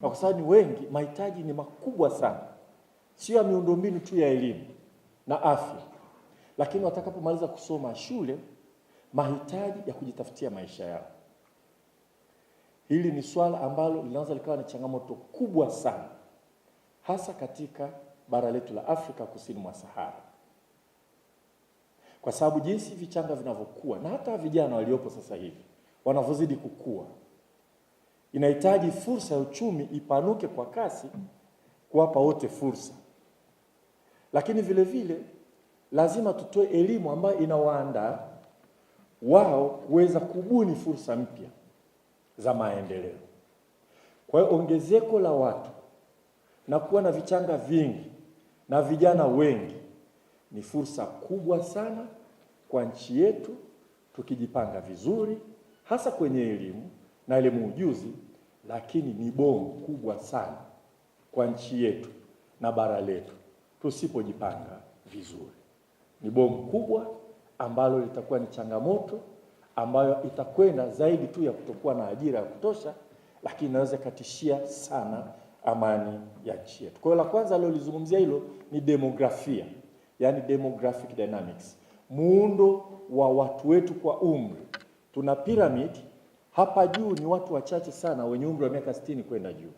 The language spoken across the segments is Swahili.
na kwa sababu ni wengi, mahitaji ni makubwa sana, sio ya miundombinu tu ya elimu na afya, lakini watakapomaliza kusoma shule, mahitaji ya kujitafutia maisha yao. Hili ni swala ambalo linaweza likawa ni changamoto kubwa sana, hasa katika bara letu la Afrika kusini mwa Sahara, kwa sababu jinsi vichanga vinavyokuwa na hata vijana waliopo sasa hivi wanavyozidi kukua inahitaji fursa ya uchumi ipanuke kwa kasi, kuwapa wote fursa. Lakini vile vile lazima tutoe elimu ambayo inawaandaa wao kuweza kubuni fursa mpya za maendeleo. Kwa hiyo ongezeko la watu na kuwa na vichanga vingi na vijana wengi ni fursa kubwa sana kwa nchi yetu, tukijipanga vizuri, hasa kwenye elimu na elimu ujuzi lakini ni bomu kubwa sana kwa nchi yetu na bara letu tusipojipanga vizuri. Ni bomu kubwa ambalo litakuwa ni changamoto ambayo itakwenda zaidi tu ya kutokuwa na ajira ya kutosha, lakini inaweza ikatishia sana amani ya nchi yetu. Kwa hiyo la kwanza alilolizungumzia hilo ni demografia, yani demographic dynamics, muundo wa watu wetu kwa umri. Tuna piramidi hapa juu ni watu wachache sana wenye umri wa miaka 60 kwenda juu.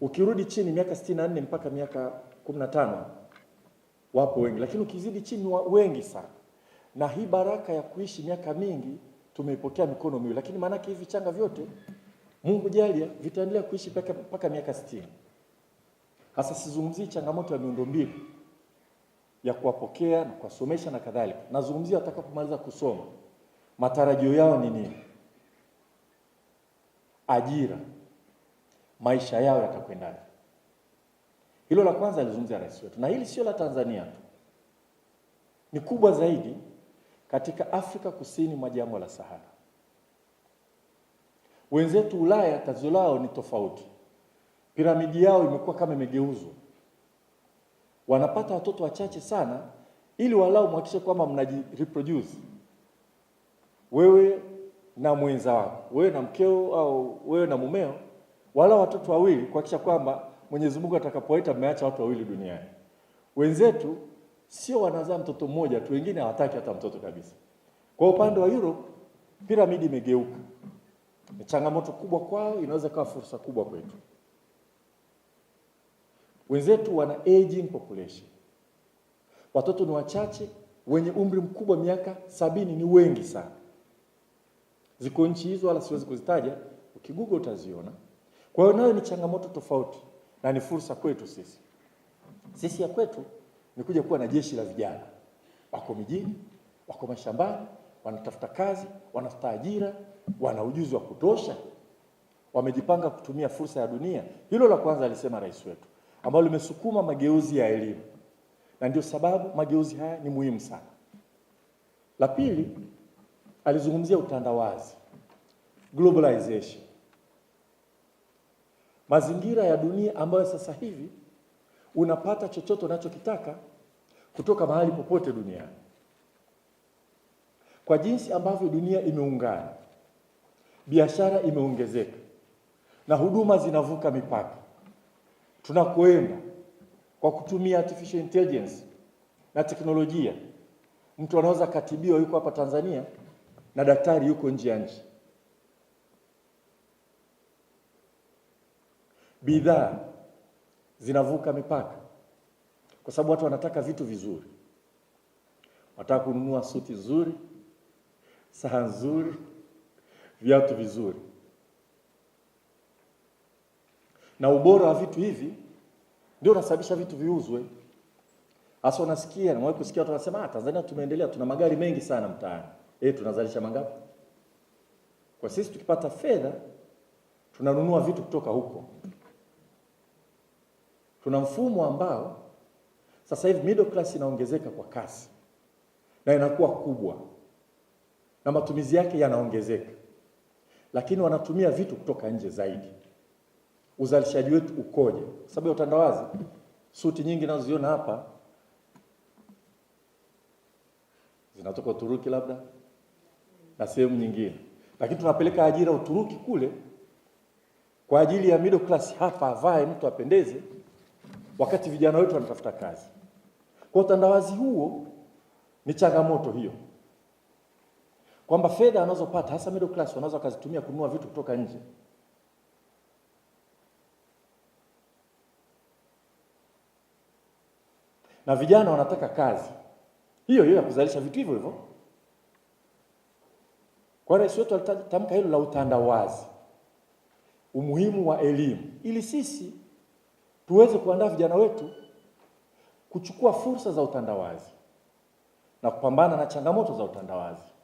Ukirudi chini miaka 64 mpaka miaka 15 wapo wengi, lakini ukizidi chini wengi sana. Na hii baraka ya kuishi miaka mingi tumeipokea mikono miwili, lakini yake hivi changa vyote Mungu jalia vitaendelea kuishi mpaka miaka 60. Sasa sizungumzii changamoto ya miundombinu ya kuwapokea na kuwasomesha na kadhalika, nazungumzia watakapomaliza kusoma Matarajio yao ni nini? Ajira, maisha yao yatakwendaje? Hilo la kwanza alizungumzia rais wetu, na hili sio la Tanzania tu, ni kubwa zaidi katika Afrika kusini mwa jangwa la Sahara. Wenzetu Ulaya tatizo lao ni tofauti, piramidi yao imekuwa kama imegeuzwa. Wanapata watoto wachache sana, ili walau mhakikishe kwamba mnajireproduce wewe na mwenza wako, wewe na mkeo au wewe na mumeo, wala watoto wawili, kuhakikisha kwamba Mwenyezi Mungu atakapowaita ameacha watu wawili duniani. Wenzetu sio wanazaa mtoto mmoja tu, wengine hawataki hata mtoto kabisa. Kwa upande wa Europe piramidi imegeuka. Ni changamoto kubwa kwao, inaweza kuwa fursa kubwa kwetu. Wenzetu wana aging population, watoto ni wachache, wenye umri mkubwa miaka sabini ni wengi sana. Ziko nchi hizo, wala siwezi kuzitaja, ukigoogle utaziona. Kwa hiyo nayo ni changamoto tofauti na ni fursa kwetu sisi. Sisi ya kwetu ni kuja kuwa na jeshi la vijana, wako mijini, wako mashambani, wanatafuta kazi, wanatafuta ajira, wana ujuzi wa kutosha, wamejipanga kutumia fursa ya dunia. Hilo la kwanza alisema rais wetu, ambalo limesukuma mageuzi ya elimu, na ndio sababu mageuzi haya ni muhimu sana. La pili alizungumzia utandawazi, globalization, mazingira ya dunia ambayo sasa hivi unapata chochote unachokitaka kutoka mahali popote duniani. Kwa jinsi ambavyo dunia imeungana, biashara imeongezeka na huduma zinavuka mipaka, tunakoenda kwa kutumia artificial intelligence na teknolojia, mtu anaweza katibiwa, yuko hapa Tanzania na daktari yuko nje ya nchi. Bidhaa zinavuka mipaka kwa sababu watu wanataka vitu vizuri, wanataka kununua suti nzuri, saa nzuri, viatu vizuri, na ubora wa vitu hivi ndio unasababisha vitu viuzwe. Hasa unasikia nawai kusikia watu wanasema, ah, Tanzania tumeendelea, tuna magari mengi sana mtaani eh, tunazalisha mangapi? Kwa sisi tukipata fedha tunanunua vitu kutoka huko. Tuna mfumo ambao sasa hivi middle class inaongezeka kwa kasi na inakuwa kubwa na matumizi yake yanaongezeka, lakini wanatumia vitu kutoka nje zaidi. Uzalishaji wetu ukoje? sababu ya utandawazi, suti nyingi nazoziona hapa zinatoka Uturuki labda na sehemu nyingine, lakini tunapeleka ajira Uturuki kule kwa ajili ya middle class hapa avae mtu apendeze, wakati vijana wetu wanatafuta kazi. Kwa utandawazi huo, ni changamoto hiyo kwamba fedha wanazopata hasa middle class wanaweza wakazitumia kununua vitu kutoka nje. na vijana wanataka kazi hiyo hiyo ya kuzalisha vitu hivyo hivyo. Kwa hiyo rais wetu alitamka hilo la utandawazi, umuhimu wa elimu, ili sisi tuweze kuandaa vijana wetu kuchukua fursa za utandawazi na kupambana na changamoto za utandawazi.